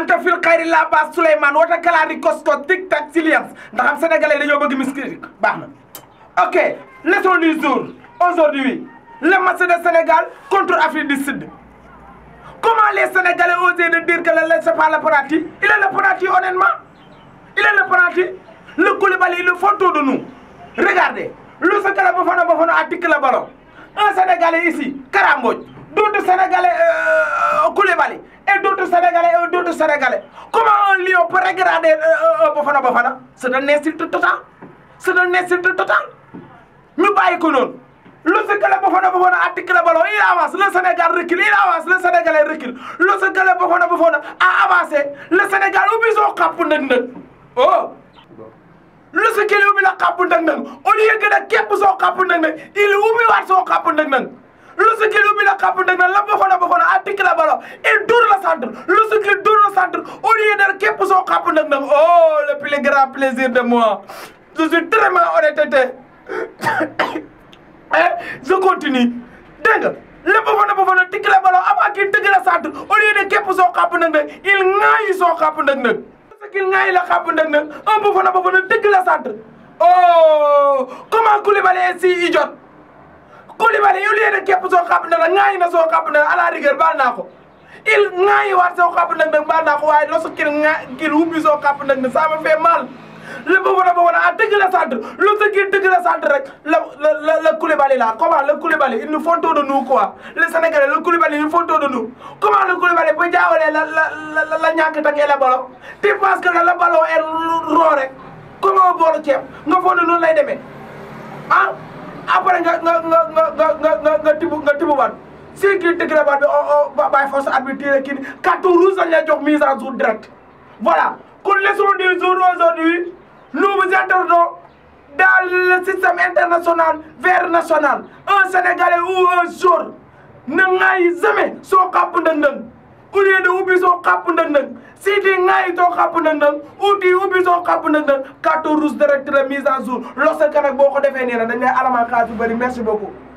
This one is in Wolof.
anta fil xayri la bas Souleymane wota kalaani kosko tic tac silence ndax am sénégalais dañoo bëgg musique baax na ok leçon du jour aujourd'hui le match de Sénégal contre Afrique du Sud comment les sénégalais osent de dire que le lait c'est pas le penalty il est le penalty honnêtement il est le penalty le Koulibaly il le font de nous regardez Loussa Kala Bafana Bafana a tic le ballon un sénégalais ici Kara Mbodj d'autres sénégalais euh, Koulibaly et d'autres Sénégalais et d'autres Sénégalais. Comment un lion peut regarder euh, un Bafana Bafana C'est un insulte total. C'est un insulte total. Nous baillons Lorsque le Bafana Bafana articule le ballon, il avance, le Sénégal recule, il avance, le Sénégalais recule. Lorsque le Bafana Bafana a avancé, le Sénégal oublie son cap Oh Lorsque il oublie le cap au lieu que de cap son cap il oublie son cap Lusikili bi la xàpp nag na la Bofana a atik la balo il dure le centre Lusikili dure le centre au lieu de képp soo xàpp nag nag oh le plus grand plaisir de moi je suis très mal honnêteté eh, je continue dégg nga la Bofana Bofana tik la balo avant qu'il tëgg la centre au lieu de képp soo xàpp nag nag il ŋaayi soo xàpp nag nag Lusikili ŋaayi la xàpp nag nag un Bofana Bofana tëgg la centre oh comment Koulibaly est si idiot Koulibaly au lieu de képp soo xam ne la ŋaayi na soo xam ne la à la baal naa ko il ŋaayi waat soo xam ne nag baal naa waaye losu kil ŋaa kil wubbi soo xam ne nag ça me fait mal lépp ba wane ba wane ah dëgg la centre lu sa kii dëgg la centre rek la la la Koulibaly la comment le Koulibaly il nous faut tout de nous quoi les Sénégalais le Koulibaly il nous faut tout de nous comment le Koulibaly ba jaawalee la la la la la ballon tu penses la ballon est roo rek comment boolu ceeb nga foog ne noonu lay ah? après nga nga nga nga nga nga tibb nga tibbuwaat si kii tëgg baat bi oh, oh, bàyyi force arbitre kii carte rouge lañ lay jox mise en jour direct voilà kon leçon du jour aujourd'hui nous vous interdisons dans le système international vers national un sénégalais ou un jour na ngay jamais soo kàpp ndëndëm au lieu de ubbi soo xàpp ndëg ndëg siti ŋaayi soo xàpp ndëg ndëg uti ubbi soo xàpp ndëg ndëg carte rouge direct la mise jour lorsque boo ko defee nee na dañ lay alamaan xaalis bu bëri merci beaucoup